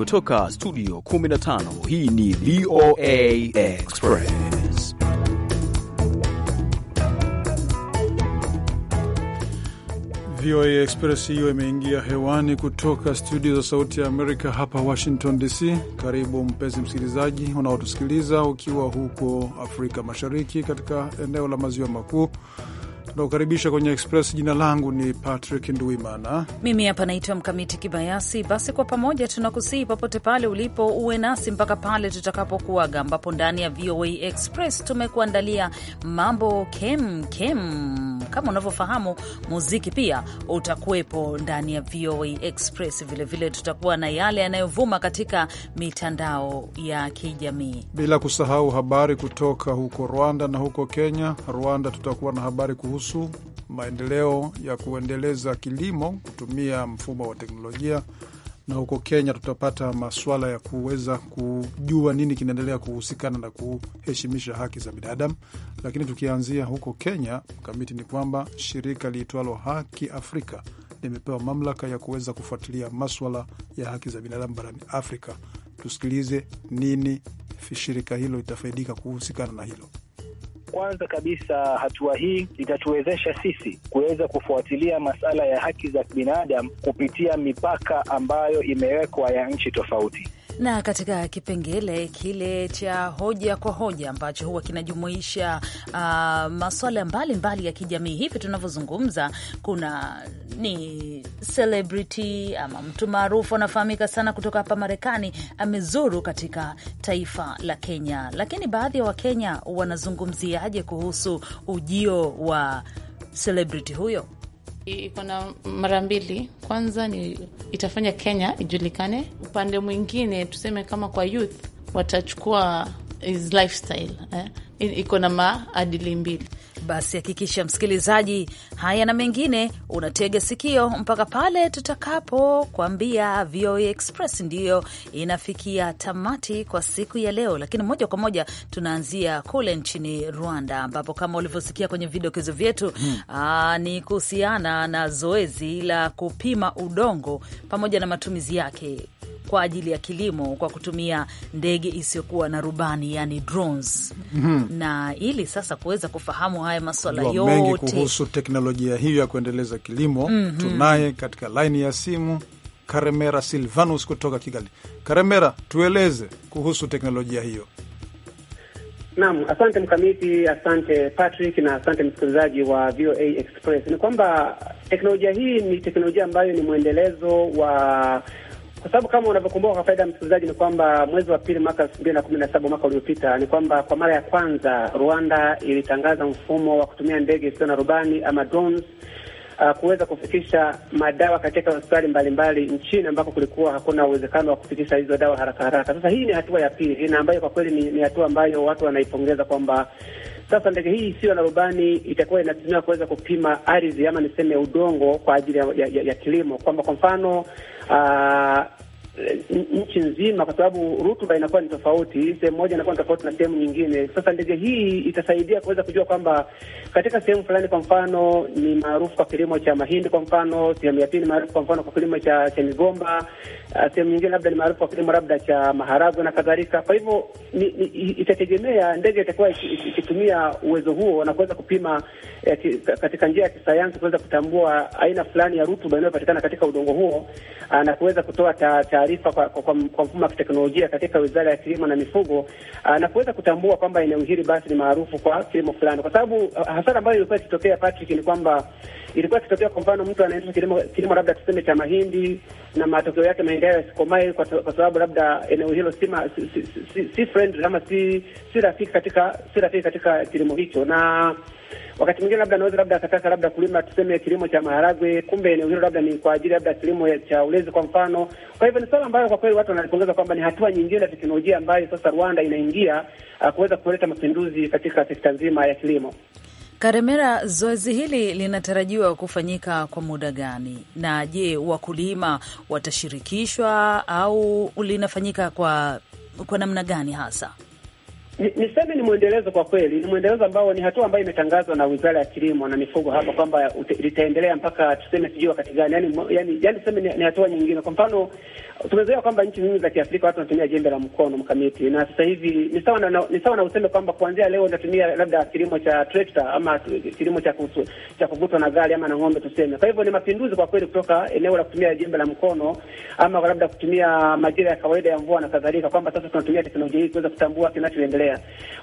kutoka studio 15 hii ni VOA Express. VOA Express hiyo imeingia hewani kutoka studio za sauti ya Amerika hapa Washington DC. Karibu mpenzi msikilizaji, unaotusikiliza ukiwa huko Afrika Mashariki, katika eneo la maziwa makuu tunakukaribisha kwenye Express. Jina langu ni Patrick Nduimana, mimi hapa naitwa Mkamiti Kibayasi. Basi kwa pamoja tunakusihi popote pale ulipo uwe nasi mpaka pale tutakapokuaga, ambapo ndani ya VOA Express tumekuandalia mambo kem kem. Kama unavyofahamu, muziki pia utakuwepo ndani ya VOA Express. Vilevile tutakuwa na yale yanayovuma katika mitandao ya kijamii, bila kusahau habari kutoka huko Rwanda na huko Kenya. Rwanda tutakuwa na habari kuhusu kuhusu maendeleo ya kuendeleza kilimo kutumia mfumo wa teknolojia, na huko Kenya tutapata maswala ya kuweza kujua nini kinaendelea kuhusikana na kuheshimisha haki za binadamu. Lakini tukianzia huko Kenya, mkamiti ni kwamba shirika liitwalo Haki Afrika limepewa mamlaka ya kuweza kufuatilia maswala ya haki za binadamu barani Afrika. Tusikilize nini shirika hilo litafaidika kuhusikana na hilo. Kwanza kabisa, hatua hii itatuwezesha sisi kuweza kufuatilia masala ya haki za binadamu kupitia mipaka ambayo imewekwa ya nchi tofauti na katika kipengele kile cha hoja kwa hoja ambacho huwa kinajumuisha uh, maswala mbalimbali ya kijamii, hivi tunavyozungumza, kuna ni celebrity ama mtu maarufu anafahamika sana kutoka hapa Marekani amezuru katika taifa la Kenya, lakini baadhi ya wa Wakenya wanazungumziaje kuhusu ujio wa celebrity huyo? Iko na mara mbili. Kwanza ni itafanya Kenya ijulikane, upande mwingine tuseme kama kwa youth watachukua his lifestyle eh? iko na maadili mbili. Basi hakikisha msikilizaji, haya na mengine unatega sikio mpaka pale kuambia VOA Express ndiyo inafikia tamati kwa siku ya leo, lakini moja kwa moja tunaanzia kule nchini Rwanda, ambapo kama ulivyosikia kwenye vidokezo vyetu hmm, aa, ni kuhusiana na zoezi la kupima udongo pamoja na matumizi yake kwa ajili ya kilimo kwa kutumia ndege isiyokuwa na rubani, yani drones. Mm -hmm. Na ili sasa kuweza kufahamu haya maswala yote mengi kuhusu teknolojia hiyo ya kuendeleza kilimo mm -hmm. tunaye katika laini ya simu Karemera Silvanus kutoka Kigali. Karemera, tueleze kuhusu teknolojia hiyo. Naam, asante Mkamiti, asante Patrick na asante msikilizaji wa VOA Express. Ni kwamba teknolojia hii ni teknolojia ambayo ni mwendelezo wa kwa sababu kama unavyokumbuka kwa faida ya msikilizaji ni kwamba mwezi wa pili mwaka elfu mbili na kumi na saba mwaka uliopita, ni kwamba kwa mara ya kwanza Rwanda ilitangaza mfumo wa kutumia ndege isiyo na rubani ama drones, uh, kuweza kufikisha madawa katika hospitali mbalimbali nchini ambako kulikuwa hakuna uwezekano wa kufikisha hizo dawa haraka haraka. Sasa hii ni hatua ya pili na ambayo kwa kweli ni, ni hatua ambayo watu wanaipongeza kwamba sasa ndege hii isiyo na rubani itakuwa inatumiwa kuweza kupima ardhi ama niseme udongo kwa ajili ya, ya, ya kilimo, kwamba kwa mfano uh, nchi nzima, kwa sababu rutuba inakuwa ni tofauti, sehemu moja inakuwa ni tofauti na sehemu nyingine. Sasa ndege hii itasaidia kuweza kujua kwamba katika sehemu fulani, kwa mfano ni maarufu kwa kilimo cha mahindi, kwa mfano sehemu ya pili maarufu kwa mfano kwa kilimo cha, cha migomba, Ah, sehemu nyingine labda ni maarufu kwa kilimo labda cha maharagwe na kadhalika. Kwa hivyo itategemea ndege itakuwa ikitumia uwezo huo na kuweza kupima eh, ki, katika njia ya kisayansi kuweza kutambua aina fulani ya rutuba inayopatikana katika udongo huo ah, na kuweza kutoa taarifa kwa, kwa, kwa mfumo wa kiteknolojia katika Wizara ya Kilimo na Mifugo ah, na kuweza kutambua kwamba eneo hili basi ni maarufu kwa kilimo fulani, kwa sababu hasara ambayo ilikuwa ikitokea Patrick, ni kwamba ilikuwa ikitokea kwa mfano mtu anaendesha kilimo, kilimo labda tuseme cha mahindi na matokeo yake yaendelee yasikomae, kwa sababu labda eneo hilo si friend ama si rafiki katika si rafiki katika kilimo hicho, na wakati mwingine labda naweza labda akataka labda kulima tuseme kilimo cha maharagwe, kumbe eneo hilo labda ni kwa ajili labda kilimo cha ulezi kwa mfano. Kwa hivyo ni swala ambayo kwa kweli watu wanalipongeza kwamba ni hatua nyingine ya teknolojia ambayo sasa Rwanda inaingia ah, kuweza kuleta mapinduzi katika sekta nzima ya kilimo. Karemera, zoezi hili linatarajiwa kufanyika kwa muda gani? Na je, wakulima watashirikishwa au linafanyika kwa kwa namna gani hasa? Niseme ni mwendelezo, kwa kweli ni mwendelezo ambao ni hatua ambayo imetangazwa na Wizara ya Kilimo na Mifugo hapa kwamba litaendelea mpaka tuseme sijui wakati gani, yani, yani, yani seme ni, ni hatua nyingine. Kwa mfano tumezoea kwamba nchi nyingi za Kiafrika watu wanatumia jembe la mkono mkamiti, na sasa hivi ni sawa na ni sawa na useme kwamba kuanzia leo unatumia labda kilimo cha trekta ama kilimo cha kusu, cha kuvutwa na gari ama na ng'ombe tuseme. Kwa hivyo ni mapinduzi kwa kweli kutoka eneo la kutumia jembe la mkono ama labda kutumia majira ya kawaida ya mvua na kadhalika, kwamba sasa tunatumia teknolojia hii kuweza kutambua kinachoendelea.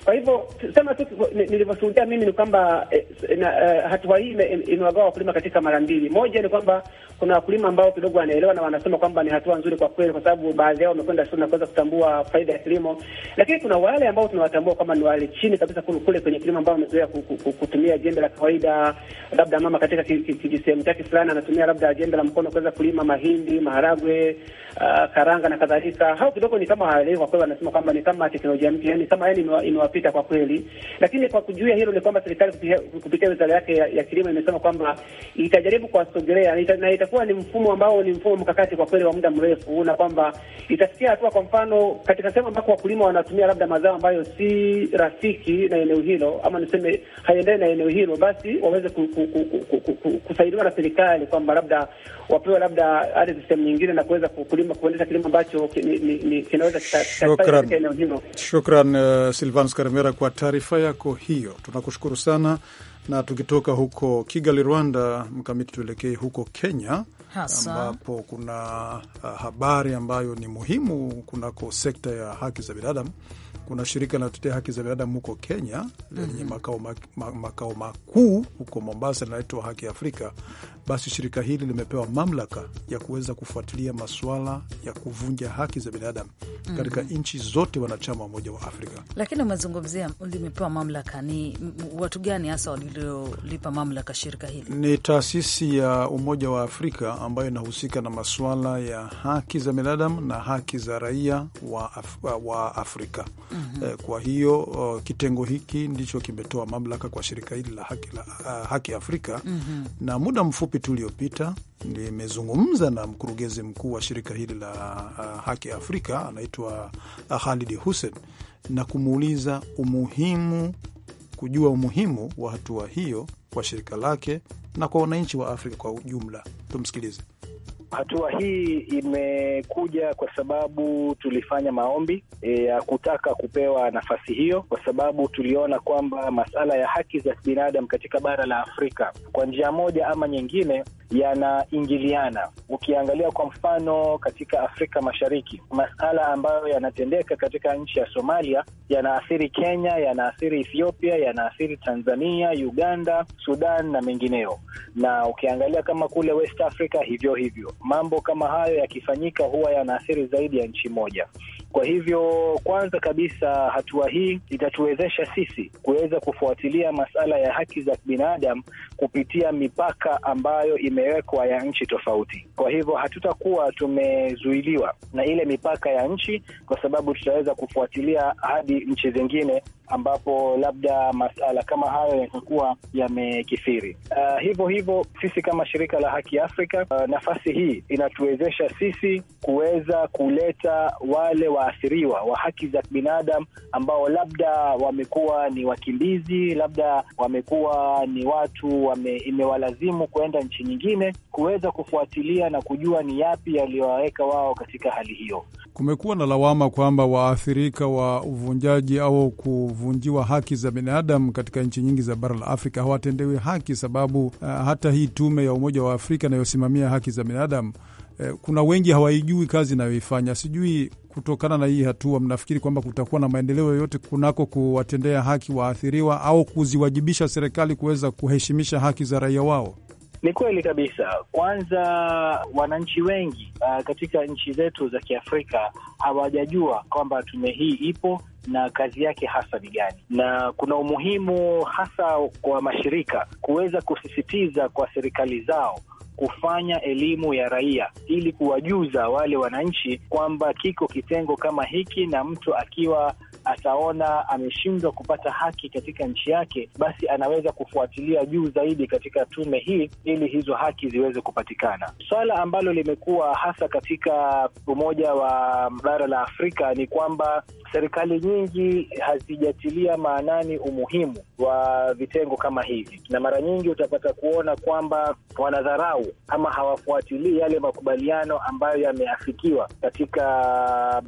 Kwa hivyo sema tu nilivyoshuhudia mimi ni kwamba eh, eh, hatua hii imewagawa wakulima katika mara mbili. Moja ni kwamba kuna wakulima ambao kidogo wanaelewa na wanasema kwamba ni hatua nzuri kwa kwa kweli, kwa sababu baadhi yao wamekwenda shule na kuweza kutambua faida ya kilimo, lakini kuna wale ambao tunawatambua kama ni wale chini kabisa kule kule kwenye kilimo, ambao wamezoea kutumia jembe la kawaida, labda mama katika kijisehemu chake fulani anatumia labda jembe la mkono kuweza kulima mahindi, maharagwe, uh, karanga na kadhalika. Hao kidogo ni kama hawaelewi kwa kweli, wanasema kwamba ni kama teknolojia mpya, yani kama yani imewapita kwa kweli. Lakini kwa kujua hilo ni kwamba serikali kupitia wizara yake ya, ya kilimo imesema kwamba itajaribu kuwasogelea na itakuwa ni mfumo ambao ni mfumo mkakati kwa kweli wa muda mrefu kuona kwamba itafikia hatua, kwa mfano, katika sehemu ambako wakulima wanatumia labda mazao ambayo si rafiki na eneo hilo, ama niseme haiendani na eneo hilo, basi waweze ku, ku, ku, ku, ku, ku, kusaidiwa na serikali kwamba labda wapewe labda ardhi sehemu nyingine na kuweza kulima, kuendesha kilimo ambacho kinaweza katika eneo hilo. Shukran uh, Silvanus Karemera kwa taarifa yako hiyo, tunakushukuru sana. Na tukitoka huko Kigali, Rwanda, Mkamiti, tuelekee huko Kenya hasa, ambapo kuna ah, habari ambayo ni muhimu kunako sekta ya haki za binadamu kuna shirika linalotetea haki za binadamu huko Kenya lenye mm -hmm. makao, ma, ma, makuu huko Mombasa linaitwa Haki Afrika. Basi shirika hili limepewa mamlaka ya kuweza kufuatilia masuala ya kuvunja haki za binadamu mm -hmm. katika mhm. nchi zote wanachama wa Umoja wa Afrika. Lakini umezungumzia limepewa mamlaka, ni watu gani hasa waliolipa mamlaka shirika hili? Ni taasisi ya Umoja wa Afrika ambayo inahusika na masuala ya haki za binadamu na haki za raia wa, Af wa Afrika mm -hmm. Eh, kwa hiyo uh, kitengo hiki ndicho kimetoa mamlaka kwa shirika hili la haki, la, uh, haki Afrika mm -hmm. na muda mfupi tu uliopita nimezungumza na mkurugenzi mkuu wa shirika hili la uh, haki Afrika anaitwa uh, Khalidi Hussein na kumuuliza umuhimu kujua umuhimu wa hatua hiyo kwa shirika lake na kwa wananchi wa Afrika kwa ujumla. Tumsikilize. Hatua hii imekuja kwa sababu tulifanya maombi ya e, kutaka kupewa nafasi hiyo, kwa sababu tuliona kwamba masala ya haki za kibinadamu katika bara la Afrika kwa njia moja ama nyingine yanaingiliana. Ukiangalia kwa mfano katika Afrika Mashariki, masala ambayo yanatendeka katika nchi ya Somalia yanaathiri Kenya, yanaathiri Ethiopia, yanaathiri Tanzania, Uganda, Sudan na mengineo. Na ukiangalia kama kule West Africa, hivyo hivyo, mambo kama hayo yakifanyika huwa yanaathiri zaidi ya nchi moja. Kwa hivyo, kwanza kabisa, hatua hii itatuwezesha sisi kuweza kufuatilia masala ya haki za binadamu kupitia mipaka ambayo imewekwa ya nchi tofauti. Kwa hivyo, hatutakuwa tumezuiliwa na ile mipaka ya nchi, kwa sababu tutaweza kufuatilia hadi nchi zingine ambapo labda masala kama hayo yatakuwa yamekithiri. Uh, hivyo hivyo sisi kama shirika la Haki Afrika, uh, nafasi hii inatuwezesha sisi kuweza kuleta wale waathiriwa wa haki za binadamu ambao labda wamekuwa ni wakimbizi, labda wamekuwa ni watu wame, imewalazimu kuenda nchi nyingine, kuweza kufuatilia na kujua ni yapi yaliyowaweka wao katika hali hiyo. Kumekuwa na lawama kwamba waathirika wa uvunjaji au kuvunjiwa haki za binadamu katika nchi nyingi za bara la Afrika hawatendewi haki, sababu uh, hata hii tume ya Umoja wa Afrika inayosimamia haki za binadamu uh, kuna wengi hawaijui kazi inayoifanya. Sijui kutokana na hii hatua, mnafikiri kwamba kutakuwa na maendeleo yoyote kunako kuwatendea haki waathiriwa au kuziwajibisha serikali kuweza kuheshimisha haki za raia wao? Ni kweli kabisa. Kwanza, wananchi wengi uh, katika nchi zetu za Kiafrika hawajajua kwamba tume hii ipo na kazi yake hasa ni gani, na kuna umuhimu hasa kwa mashirika kuweza kusisitiza kwa serikali zao kufanya elimu ya raia ili kuwajuza wale wananchi kwamba kiko kitengo kama hiki, na mtu akiwa ataona ameshindwa kupata haki katika nchi yake, basi anaweza kufuatilia juu zaidi katika tume hii ili hizo haki ziweze kupatikana. Swala ambalo limekuwa hasa katika Umoja wa Bara la Afrika ni kwamba serikali nyingi hazijatilia maanani umuhimu wa vitengo kama hivi, na mara nyingi utapata kuona kwamba wanadharau ama hawafuatilii yale makubaliano ambayo yameafikiwa katika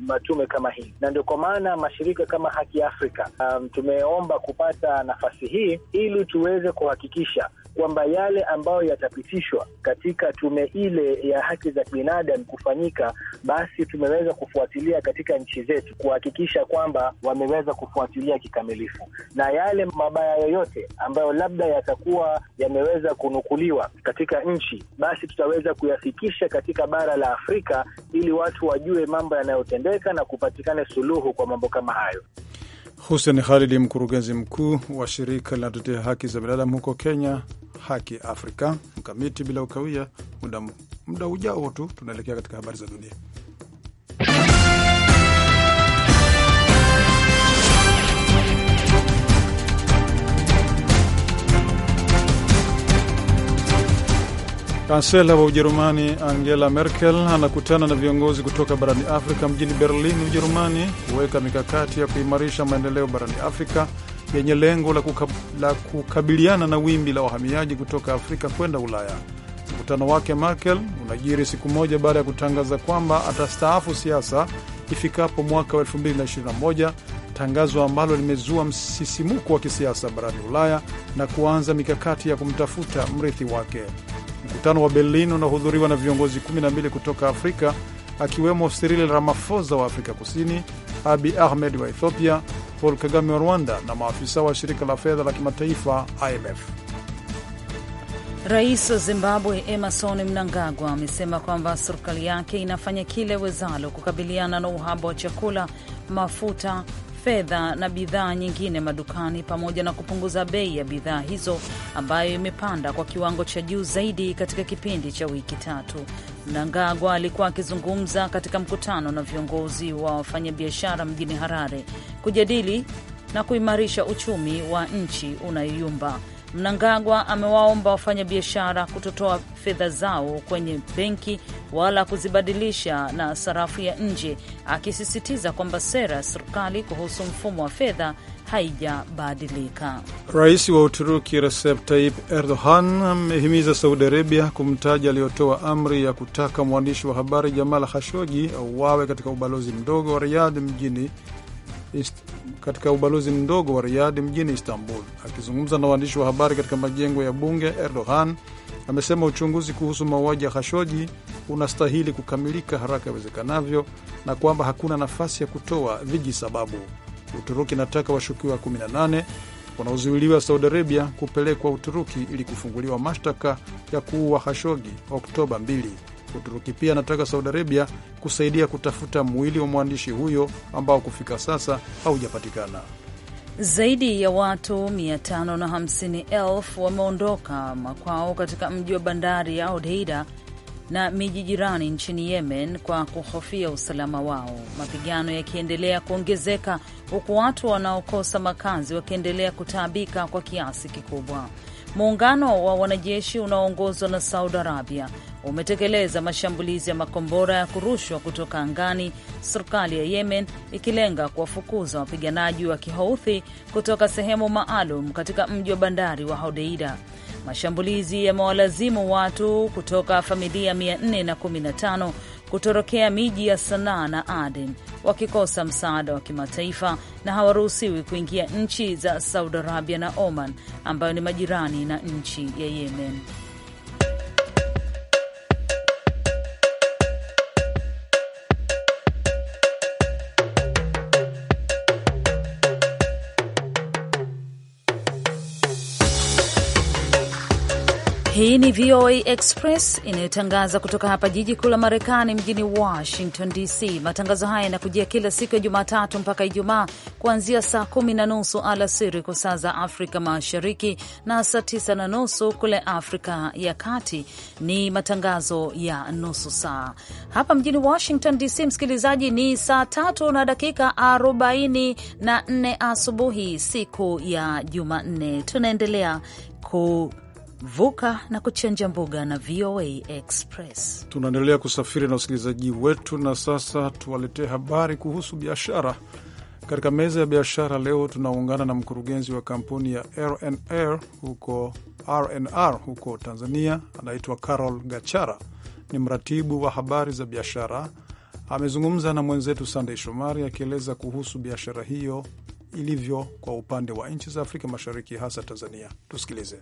matume kama hii, na ndio kwa maana mashirika kama Haki Afrika. Um, tumeomba kupata nafasi hii ili tuweze kuhakikisha kwamba yale ambayo yatapitishwa katika tume ile ya haki za binadamu kufanyika, basi tumeweza kufuatilia katika nchi zetu kuhakikisha kwamba wameweza kufuatilia kikamilifu, na yale mabaya yoyote ambayo labda yatakuwa yameweza kunukuliwa katika nchi, basi tutaweza kuyafikisha katika bara la Afrika ili watu wajue mambo yanayotendeka na kupatikane suluhu kwa mambo kama hayo. Hussein Khalidi, mkurugenzi mkuu wa shirika linalotetea haki za binadamu huko Kenya, Haki Afrika. Mkamiti bila ukawia, muda ujao tu tunaelekea katika habari za dunia. Kansela wa Ujerumani Angela Merkel anakutana na viongozi kutoka barani Afrika mjini Berlin, Ujerumani, kuweka mikakati ya kuimarisha maendeleo barani Afrika yenye lengo la, kukab, la kukabiliana na wimbi la wahamiaji kutoka Afrika kwenda Ulaya. Mkutano wake Merkel unajiri siku moja baada ya kutangaza kwamba atastaafu siasa ifikapo mwaka wa 2021, tangazo ambalo limezua msisimuko wa kisiasa barani Ulaya na kuanza mikakati ya kumtafuta mrithi wake. Mkutano wa Berlin unahudhuriwa na viongozi 12 kutoka Afrika akiwemo Cyril Ramaphosa wa Afrika Kusini, abi Ahmed wa Ethiopia, Paul Kagame wa Rwanda na maafisa wa shirika la fedha la kimataifa IMF. Rais wa Zimbabwe Emerson Mnangagwa amesema kwamba serikali yake inafanya kile wezalo kukabiliana na uhaba wa chakula, mafuta fedha na bidhaa nyingine madukani pamoja na kupunguza bei ya bidhaa hizo ambayo imepanda kwa kiwango cha juu zaidi katika kipindi cha wiki tatu. Mnangagwa alikuwa akizungumza katika mkutano na viongozi wa wafanyabiashara mjini Harare kujadili na kuimarisha uchumi wa nchi unayoyumba. Mnangagwa amewaomba wafanyabiashara kutotoa fedha zao kwenye benki wala kuzibadilisha na sarafu ya nje, akisisitiza kwamba sera ya serikali kuhusu mfumo wa fedha haijabadilika. Rais wa Uturuki Recep Tayyip Erdogan amehimiza Saudi Arabia kumtaja aliyotoa amri ya kutaka mwandishi wa habari Jamal Khashoggi auawe katika ubalozi mdogo wa Riyadh mjini katika ubalozi mdogo wa riadi mjini Istanbul. Akizungumza na waandishi wa habari katika majengo ya bunge, Erdogan amesema uchunguzi kuhusu mauaji ya Khashoji unastahili kukamilika haraka iwezekanavyo na kwamba hakuna nafasi ya kutoa viji sababu Uturuki inataka washukiwa 18 wanaozuiliwa Saudi Arabia kupelekwa Uturuki ili kufunguliwa mashtaka ya kuua Khashogi Oktoba 2. Uturuki pia anataka Saudi Arabia kusaidia kutafuta mwili wa mwandishi huyo ambao kufika sasa haujapatikana. Zaidi ya watu 550,000 wameondoka makwao katika mji wa bandari ya Odheida na miji jirani nchini Yemen kwa kuhofia usalama wao, mapigano yakiendelea kuongezeka huku watu wanaokosa makazi wakiendelea kutaabika kwa kiasi kikubwa. Muungano wa wanajeshi unaoongozwa na Saudi Arabia umetekeleza mashambulizi ya makombora ya kurushwa kutoka angani, serikali ya Yemen ikilenga kuwafukuza wapiganaji wa Kihouthi kutoka sehemu maalum katika mji wa bandari wa Hodeida. Mashambulizi yamewalazimu watu kutoka familia 415 kutorokea miji ya Sanaa na Aden wakikosa msaada wa kimataifa na hawaruhusiwi kuingia nchi za Saudi Arabia na Oman ambayo ni majirani na nchi ya Yemen. Hii ni VOA Express inayotangaza kutoka hapa jiji kuu la Marekani, mjini Washington DC. Matangazo haya yanakujia kila siku ya Jumatatu mpaka Ijumaa, kuanzia saa kumi na nusu alasiri kwa saa za Afrika Mashariki na saa tisa na nusu kule Afrika ya Kati. Ni matangazo ya nusu saa. Hapa mjini Washington DC, msikilizaji, ni saa tatu na dakika arobaini na nne asubuhi, siku ya Jumanne. Tunaendelea ku vuka na kuchenja mbuga na VOA Express. Tunaendelea kusafiri na usikilizaji wetu, na sasa tuwaletee habari kuhusu biashara. Katika meza ya biashara leo tunaungana na mkurugenzi wa kampuni ya RNR huko, RNR huko Tanzania, anaitwa Carol Gachara, ni mratibu wa habari za biashara. Amezungumza na mwenzetu Sandey Shomari akieleza kuhusu biashara hiyo ilivyo kwa upande wa nchi za Afrika Mashariki, hasa Tanzania. Tusikilize.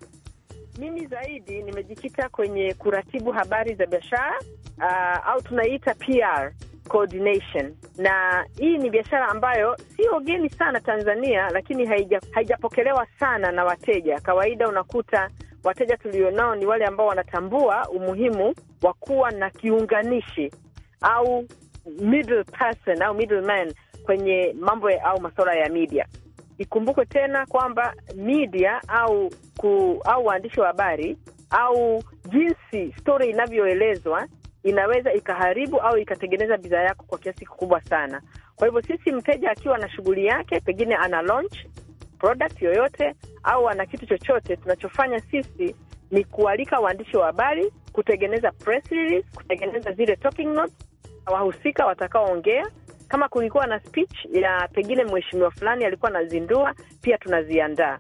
Mimi zaidi nimejikita kwenye kuratibu habari za biashara uh, au tunaita PR coordination, na hii ni biashara ambayo sio geni sana Tanzania, lakini haija, haijapokelewa sana na wateja. Kawaida unakuta wateja tulionao ni wale ambao wanatambua umuhimu wa kuwa na kiunganishi au middle person au middleman kwenye mambo au masuala ya media. Ikumbukwe tena kwamba media au ku, au waandishi wa habari au jinsi stori inavyoelezwa inaweza ikaharibu au ikatengeneza bidhaa yako kwa kiasi kikubwa sana. Kwa hivyo sisi, mteja akiwa na shughuli yake, pengine ana launch product yoyote au ana kitu chochote, tunachofanya sisi ni kualika waandishi wa habari kutengeneza press release, kutengeneza zile talking notes, wahusika watakaoongea kama kulikuwa na speech ya pengine mheshimiwa fulani alikuwa anazindua, pia tunaziandaa.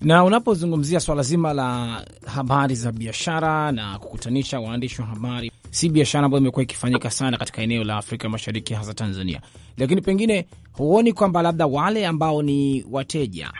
Na unapozungumzia swala zima la habari za biashara na kukutanisha waandishi wa habari, si biashara ambayo imekuwa ikifanyika sana katika eneo la Afrika Mashariki, hasa Tanzania, lakini pengine huoni kwamba labda wale ambao ni wateja,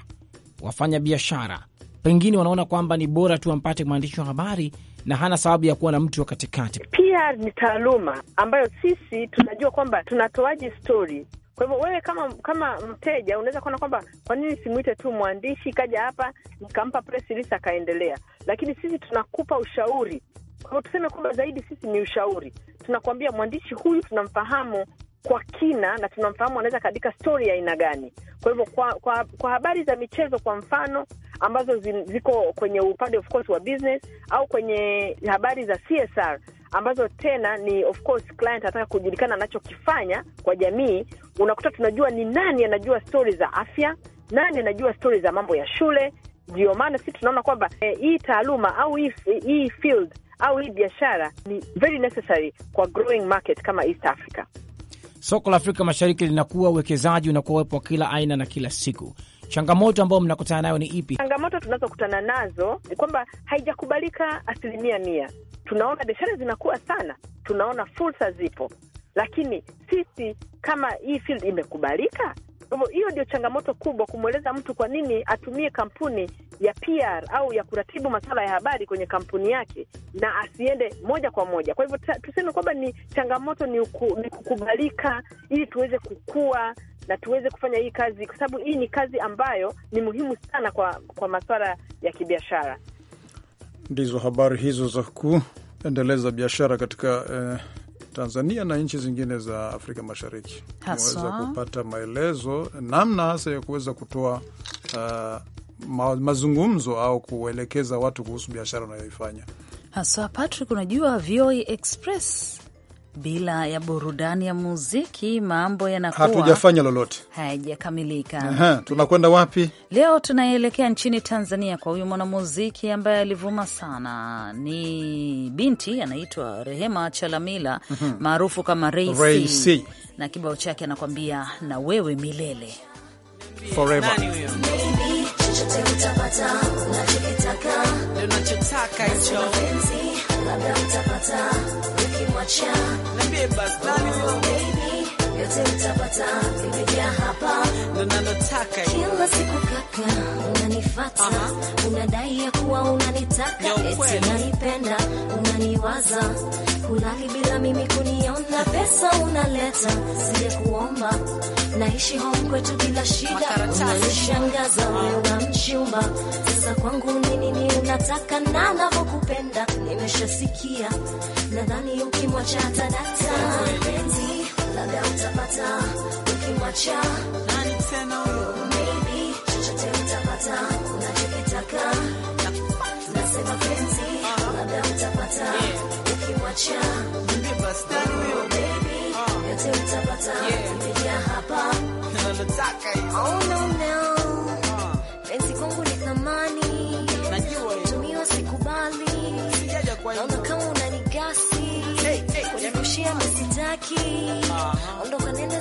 wafanya biashara, pengine wanaona kwamba ni bora tu wampate mwandishi wa habari na hana sababu ya kuwa na mtu wa katikati. Pia ni taaluma ambayo sisi tunajua kwamba tunatoaji stori. Kwa hivyo wewe kama kama mteja unaweza kuona kwamba kwa nini simwite tu mwandishi kaja hapa nikampa press release akaendelea, lakini sisi tunakupa ushauri. Kwa hivyo tuseme kwamba zaidi sisi ni ushauri, tunakuambia mwandishi huyu tunamfahamu, kwa kina na tunamfahamu anaweza akaandika stori ya aina gani. Kwa hivyo kwa, kwa, kwa habari za michezo kwa mfano ambazo ziko kwenye upande of course wa business au kwenye habari za CSR ambazo tena ni of course client anataka kujulikana anachokifanya kwa jamii, unakuta tunajua ni nani anajua stori za afya, nani anajua stori za mambo ya shule. ndio maana sisi tunaona kwamba eh, hii taaluma au hii, hii field au hii biashara ni very necessary kwa growing market kama East Africa. Soko la Afrika Mashariki linakuwa, uwekezaji unakuwepo wa kila aina na kila siku. Changamoto ambayo mnakutana nayo ni ipi? Changamoto tunazokutana nazo ni kwamba haijakubalika asilimia mia. Tunaona biashara zinakuwa sana, tunaona fursa zipo, lakini sisi kama hii field imekubalika hiyo ndio changamoto kubwa, kumweleza mtu kwa nini atumie kampuni ya PR au ya kuratibu masuala ya habari kwenye kampuni yake na asiende moja kwa moja. Kwa hivyo tuseme kwamba ni changamoto ni, uku, ni kukubalika ili tuweze kukua na tuweze kufanya hii kazi, kwa sababu hii ni kazi ambayo ni muhimu sana kwa, kwa masuala ya kibiashara. Ndizo habari hizo za kuendeleza biashara katika eh Tanzania na nchi zingine za Afrika Mashariki aweza kupata maelezo namna hasa ya kuweza kutoa uh, ma mazungumzo au kuelekeza watu kuhusu biashara unayoifanya haswa. Patrick, unajua VOA Express bila ya burudani ya muziki mambo yanakuwa hatujafanya lolote, hayajakamilika. Tunakwenda wapi leo? Tunaelekea nchini Tanzania kwa huyu mwanamuziki ambaye alivuma sana, ni binti anaitwa Rehema Chalamila mhm. maarufu kama Ray C, na kibao chake anakwambia na wewe milele Forever labda mtapata ukimwacha, yote mtapata, imejaa hapa ndo nalotaka kila siku kaka, unanifata uh -huh. Unadai ya kuwa unanitaka eti naipenda, unaniwaza kulali bila mimi kuniona, pesa unaleta, sije kuomba, naishi home kwetu bila shida, unanishangaza wewe na mchumba. Sasa kwangu ni nini unataka? na navyokupenda nimeshasikia, nadhani ukimwacha tadata penzi labda utapata kuacha nani tena huyo baby, chochote utapata, unachokitaka nasema penzi, labda utapata ukimwacha huyo baby, ah. yote utapata, kupitia hapa penzi ah. kwangu ni thamani, tumiwa sikubali, naona kama unanigasi, kushia misitaki, ondoka nenda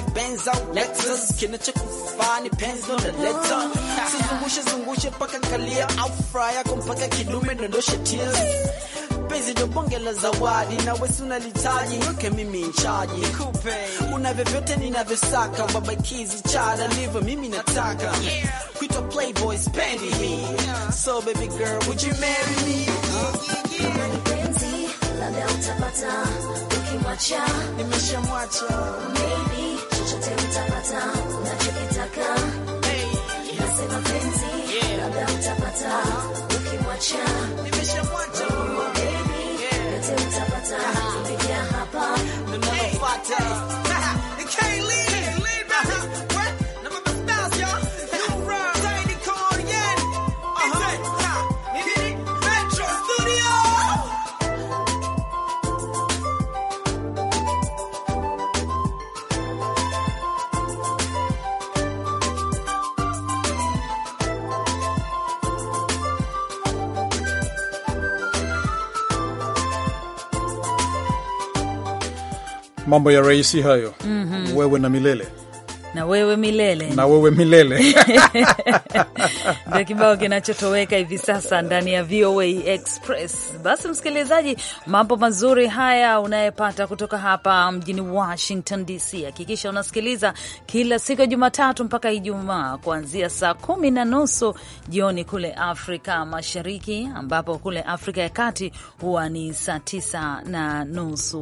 drive Benz au Lexus, pens ni penzi unaleta, sizungushe zungushe paka kalia au furaha kumpaka mpaka kidume dondoshe tears penzi ndio bonge la zawadi, na wewe si unalitaji, niweke mimi nchaji, nikupe una vyovyote ninavyosaka, kizi chada live mimi nataka kuitwa playboy, spendi me so baby girl would you marry me? nimeshamwacha maybe chochote utapata unachokitaka, nasema penzi labda utapata ukimwacha utapata kupigia hapa mambo ya rais hayo, mm -hmm. wewe na milele na wewe milele, na wewe milele ndio kibao kinachotoweka hivi sasa ndani ya VOA Express. Basi msikilizaji, mambo mazuri haya unayepata kutoka hapa mjini Washington DC. Hakikisha unasikiliza kila siku ya Jumatatu mpaka Ijumaa kuanzia saa kumi na nusu jioni kule Afrika Mashariki, ambapo kule Afrika ya Kati huwa ni saa tisa na nusu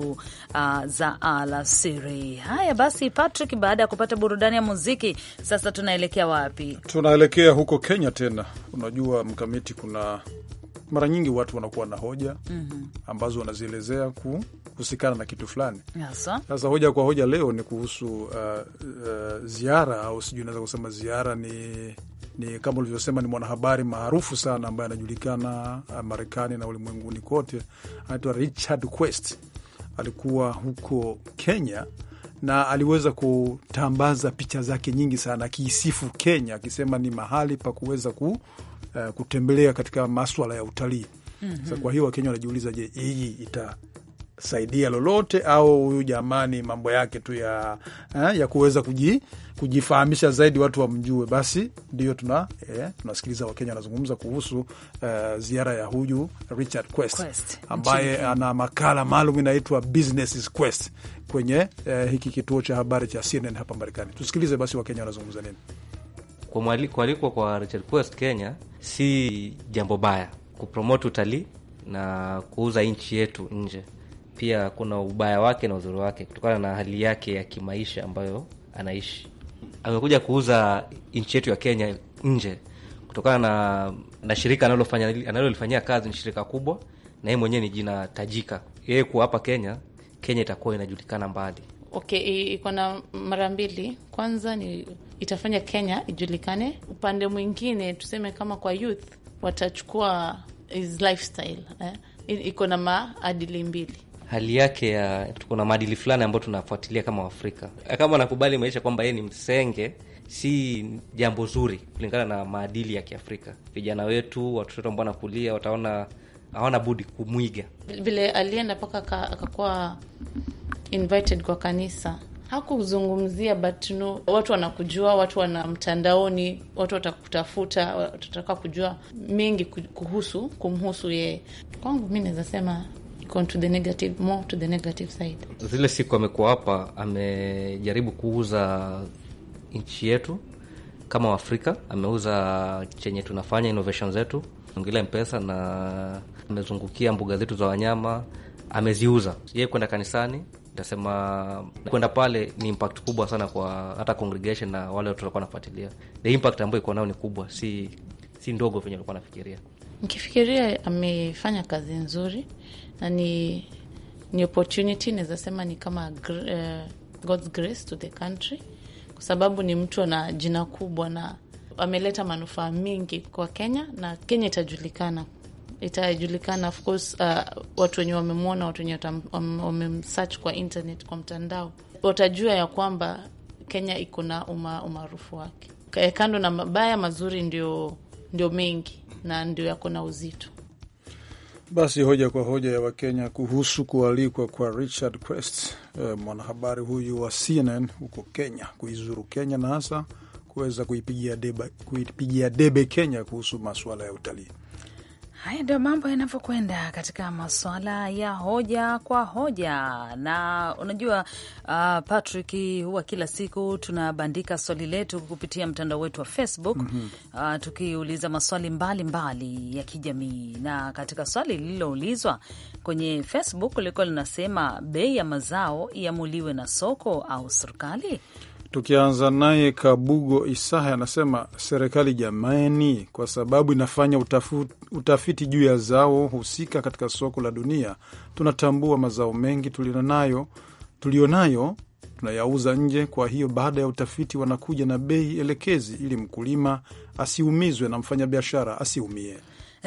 uh, za alasiri. Haya basi, Patrick, baada ya kupata burudani burudani ya muziki. Sasa tunaelekea wapi? Tunaelekea huko Kenya tena. Unajua mkamiti, kuna mara nyingi watu wanakuwa na hoja mm -hmm. ambazo wanazielezea kuhusikana na kitu fulani. Sasa hoja kwa hoja leo ni kuhusu uh, uh, ziara au sijui naweza kusema ziara ni ni kama ulivyosema, ni mwanahabari maarufu sana ambaye anajulikana uh, Marekani na ulimwenguni kote, anaitwa Richard Quest. Alikuwa huko Kenya na aliweza kutambaza picha zake nyingi sana, akiisifu Kenya akisema ni mahali pa kuweza ku, uh, kutembelea katika maswala ya utalii. mm -hmm. Sa kwa hiyo Wakenya wanajiuliza, je, hii ita saidia lolote au huyu jamani, mambo yake tu ya, eh, ya kuweza kuji, kujifahamisha zaidi watu wamjue. Basi ndio tuna eh, tunasikiliza Wakenya wanazungumza kuhusu uh, ziara ya huyu Richard Quest, Quest ambaye ana makala maalum inaitwa Business Quest kwenye eh, hiki kituo cha habari cha CNN hapa Marekani. Tusikilize basi Wakenya wanazungumza nini. Kualikwa kwa Richard Quest Kenya si jambo baya, kupromote utalii na kuuza nchi yetu nje pia kuna ubaya wake na uzuri wake kutokana na hali yake ya kimaisha ambayo anaishi. Amekuja kuuza nchi yetu ya Kenya nje kutokana na, na shirika analolifanyia kazi ni shirika kubwa, na yeye mwenyewe ni jina tajika. Yeye kuwa hapa Kenya, Kenya itakuwa inajulikana mbali. Okay, iko na mara mbili. Kwanza ni itafanya Kenya ijulikane, upande mwingine tuseme kama kwa youth watachukua his lifestyle eh? Iko na maadili mbili hali yake ya tuko na maadili fulani ambayo tunafuatilia kama Waafrika. Kama anakubali maisha kwamba yeye ni msenge, si jambo zuri kulingana na maadili ya Kiafrika. Vijana wetu, watoto ambao wanakulia, wataona hawana budi kumwiga vile alienda mpaka akakuwa invited kwa kanisa hakuzungumzia but no, watu wanakujua, watu wana mtandaoni, watu watakutafuta, watataka kujua mengi kuhusu kumhusu yeye. Kwangu mi naweza sema to the negative, more to the negative side. Zile siku amekuwa hapa amejaribu kuuza nchi yetu kama Waafrika, ameuza chenye tunafanya innovation zetu ngila mpesa na amezungukia mbuga zetu za wanyama ameziuza. Yeye kwenda kanisani tasema kwenda pale ni impact kubwa sana kwa hata congregation na wale watu tutakuwa nafuatilia. The impact ambayo iko nao ni kubwa, si si ndogo venye alikuwa nafikiria. Nikifikiria amefanya kazi nzuri na ni, ni opportunity naweza sema ni kama uh, God's grace to the country, kwa sababu ni mtu ana jina kubwa na ameleta manufaa mingi kwa Kenya na Kenya itajulikana itajulikana of course. Uh, watu wenye wamemwona, watu wenye wamemsearch kwa internet, kwa mtandao watajua ya kwamba Kenya iko na umaarufu wake. Kando na mabaya, mazuri ndio, ndio mengi na ndio yako na uzito. Basi hoja kwa hoja ya Wakenya kuhusu kualikwa kwa Richard quest eh, mwanahabari huyu wa CNN huko Kenya, kuizuru Kenya na hasa kuweza kuipigia debe, kuipigia debe Kenya kuhusu masuala ya utalii. Haya ndio mambo yanavyokwenda katika masuala ya hoja kwa hoja. Na unajua uh, Patrick, huwa kila siku tunabandika swali letu kupitia mtandao wetu wa Facebook mm -hmm. uh, tukiuliza maswali mbalimbali mbali ya kijamii, na katika swali lililoulizwa kwenye Facebook lilikuwa linasema bei ya mazao iamuliwe na soko au serikali? Tukianza naye Kabugo Isaha anasema serikali jamani, kwa sababu inafanya utafu, utafiti juu ya zao husika katika soko la dunia, tunatambua mazao mengi tulionayo tulionayo tunayauza nje. Kwa hiyo baada ya utafiti wanakuja na bei elekezi, ili mkulima asiumizwe na mfanyabiashara asiumie.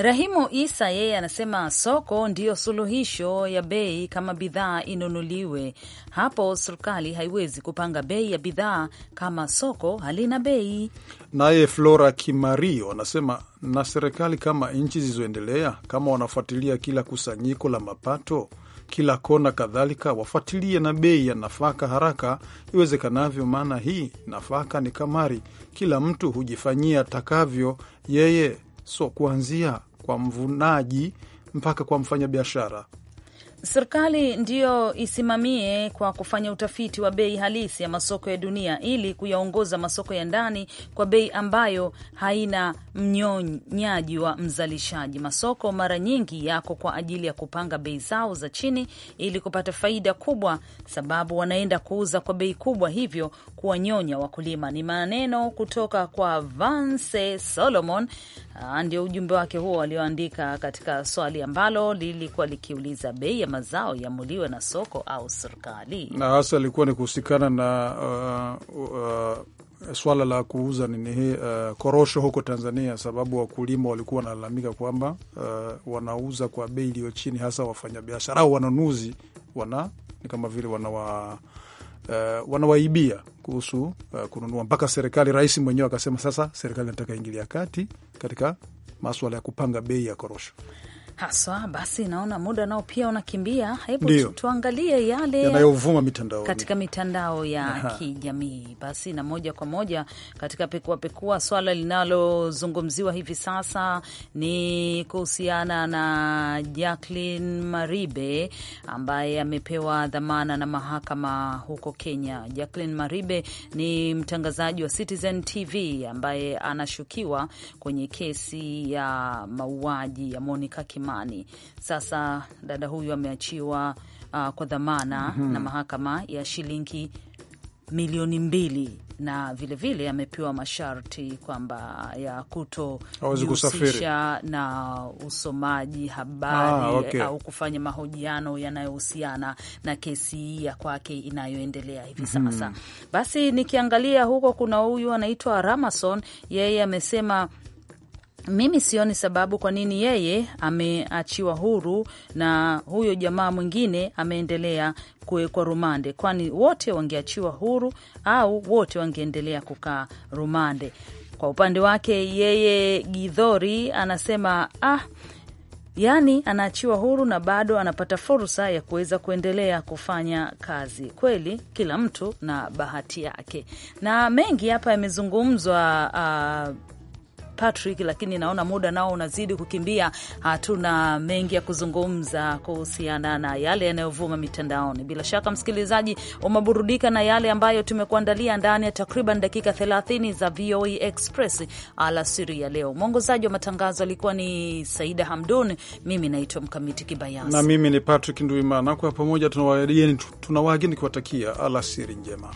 Rahimu Isa yeye anasema soko ndiyo suluhisho ya bei, kama bidhaa inunuliwe hapo. Serikali haiwezi kupanga bei ya bidhaa kama soko halina bei. Naye Flora Kimario anasema na serikali kama nchi zilizoendelea, kama wanafuatilia kila kusanyiko la mapato kila kona kadhalika, wafuatilie na bei ya nafaka haraka iwezekanavyo, maana hii nafaka ni kamari, kila mtu hujifanyia atakavyo yeye, so kuanzia kwa mvunaji mpaka kwa mfanyabiashara. Serikali ndiyo isimamie kwa kufanya utafiti wa bei halisi ya masoko ya dunia ili kuyaongoza masoko ya ndani kwa bei ambayo haina mnyonyaji wa mzalishaji. Masoko mara nyingi yako kwa ajili ya kupanga bei zao za chini ili kupata faida kubwa, sababu wanaenda kuuza kwa bei kubwa, hivyo kuwanyonya wakulima. Ni maneno kutoka kwa Vance Solomon Ah, ndio ujumbe wake huo alioandika katika swali ambalo lilikuwa likiuliza bei ya mazao yamuliwe na soko au serikali, na hasa ilikuwa ni kuhusikana na uh, uh, uh, swala la kuuza nini hii uh, korosho huko Tanzania, sababu wakulima walikuwa wanalalamika kwamba uh, wanauza kwa bei iliyo chini, hasa wafanyabiashara au wanunuzi wana ni kama vile wanawa uh, wanawaibia kuhusu uh, kununua mpaka serikali, rais mwenyewe akasema sasa serikali inataka ingilia kati katika maswala ya kupanga bei ya korosho haswa. Basi naona muda nao pia unakimbia, hebu tuangalie yale yanayovuma mitandao katika mitandao ya kijamii. Basi na moja kwa moja katika pekua pekua swala linalozungumziwa hivi sasa ni kuhusiana na Jacqueline Maribe ambaye amepewa dhamana na mahakama huko Kenya. Jacqueline Maribe ni mtangazaji wa Citizen TV ambaye anashukiwa kwenye kesi ya mauaji ya Monica Kimani zamani. Sasa dada huyu ameachiwa uh, kwa dhamana mm -hmm. na mahakama ya shilingi milioni mbili na vilevile vile amepewa masharti kwamba ya kutojihusisha na usomaji habari ah, okay. au kufanya mahojiano yanayohusiana na kesi hii ya kwake inayoendelea hivi mhm. sasa. Hmm. Basi nikiangalia huko kuna huyu anaitwa Ramason, yeye amesema mimi sioni sababu kwa nini yeye ameachiwa huru na huyo jamaa mwingine ameendelea kuwekwa rumande, kwani wote wangeachiwa huru au wote wangeendelea kukaa rumande. Kwa upande wake yeye Gidhori anasema ah, yaani anaachiwa huru na bado anapata fursa ya kuweza kuendelea kufanya kazi. Kweli kila mtu na bahati yake, na mengi hapa yamezungumzwa uh, Patrick, lakini naona muda nao unazidi kukimbia. Hatuna mengi ya kuzungumza kuhusiana na yale yanayovuma mitandaoni. Bila shaka, msikilizaji, umeburudika na yale ambayo tumekuandalia ndani ya takriban dakika 30 za VOA e Express alasiri ya leo. Mwongozaji wa matangazo alikuwa ni Saida Hamdun, mimi naitwa Mkamiti Kibayasi na mimi ni Patrick Nduimana. Kwa pamoja tunawageni kuwatakia alasiri njema.